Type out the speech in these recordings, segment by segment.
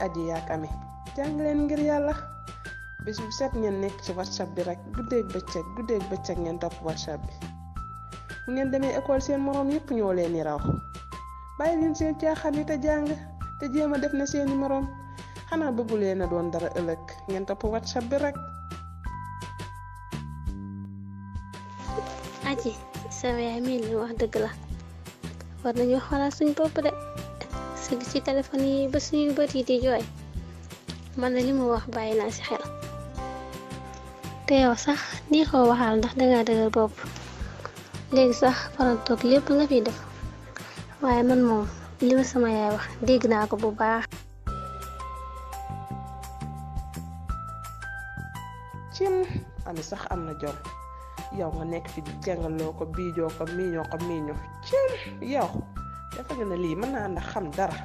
aji kame jàng leen ngir yàlla bis bu set ngeen nekk ci whatsapp bi rek guddeeg bëccëg guddeeg bëccëg ngeen topp whatsapp bi bu ngeen demee école seen morom yépp ñoo leen i raw bàyyi leen seen caaxaan yi te jàng te jéem a def na seeni morom xanaa bëggu leen a doon dara ëllëg ngeen topp whatsapp bi rek aji sa yaay mii li wax dëgg la war nañu xoolaat suñ bopp de fekk ci téléphone yi ba suñu bët yi di jooy man na li mu wax bàyyi naa ci xel te yow sax nii koo waxaal ndax dangaa dëgër bopp léegi sax farantoog lépp nga def man moom li sama yaay wax dégg naa ko bu baax cim ane sax am na jom yow nga nekk fi jàngaloo ko biijoo ko miiñoo ko miiñoo cim yow dafa iya, gën a iya, lii mën naa ndax xam dara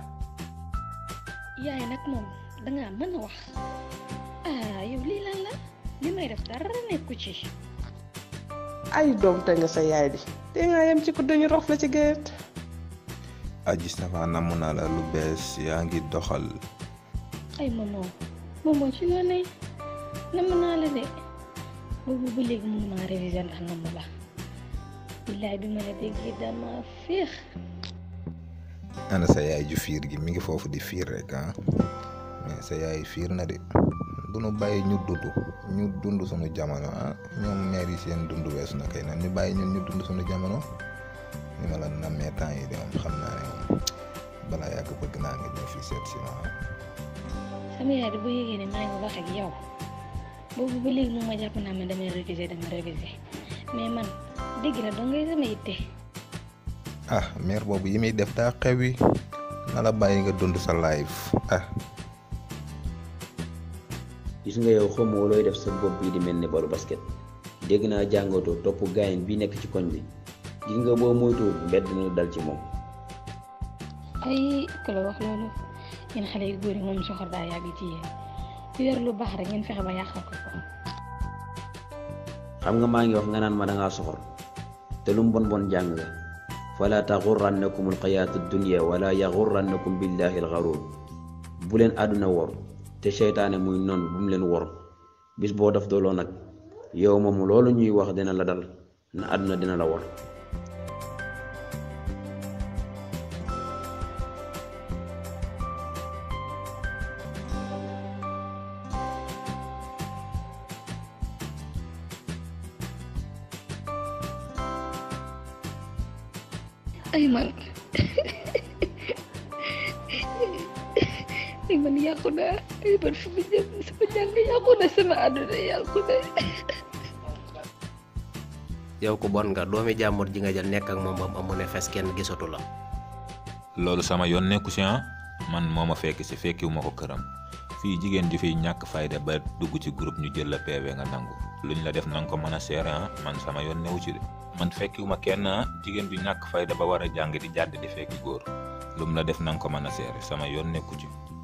yaay nag moom dangaa mën a wax yow lii lan la li may def dara nekku ci ay doom te nga sa yaay di te yem ci ku la ci géet aji sama namm naa la lu bees yaa ngi doxal ay momo momo ci nga ne namm naa la de boobu ba léegi mënumaa réviser ndax namm la bi ma la déggee dama ana sa yaay ju fiir gi mi ngi foofu di fiir rek ah mais sa yaay fiir na de du nu bàyyi ñu dund ñu dund suñu jamono ah ñoom meer dund weesu na kay bàyyi ñu dund suñu jamono ni ma yi de moom xam naa ne moom balaa yàgg bëgg naa nga ñëw fii seet si ma ah. sama yaay bu yëgee ne maa ngi wax ak yow boobu ba léegi moom ma jàpp naa ne damay réviser dama réviser mais man dégg na doo ngay sama itte. ah mer boobu yi muy def daa xewi na la bàyyi nga dund sa life ah gis nga yow xamoo looy def sa bopp bi di mel ni balu basket dégg naa jàngatoo topp gaayin bi nekk ci koñ bi gis nga boo moytuwul mbedd na dal ci moom ay ku la wax loolu yéen xale yu góor yi moom soxor daa yàgg ci yéen ci yor lu baax rek ngeen fexe ba yàqal ko ko xam nga maa ngi wax nga naan ma dangaa soxor te lu mu bon bon jàng nga fala taxurrannakum alxayaatu dunia wala yaxurrannakum billahi alxaruur bu leen àdduna wor te seytaane muy noon bu mu leen wor bis boo def dooloo nag yow moom loolu ñuy wax dina la dal na àdduna dina la wor ay ko bon nga doomi jàmbur ji nga jël nekk ak moom ba ne fes kenn gisatu la loolu sama yoon nekku si man moo ma fekk si fekkiwuma ko këram fii jigéen ju fiy ñàkk fayde ba dugg ci groupe ñu jël la PV nga nangu luñ la def nanga ko mën a seere man sama yoon newu ci de man fekkiwuma kenn jigéen bi ñàkk fayda ba war a jàng di jàdd di fekki góor lu la def na ko mën a seere sama yoon nekku ci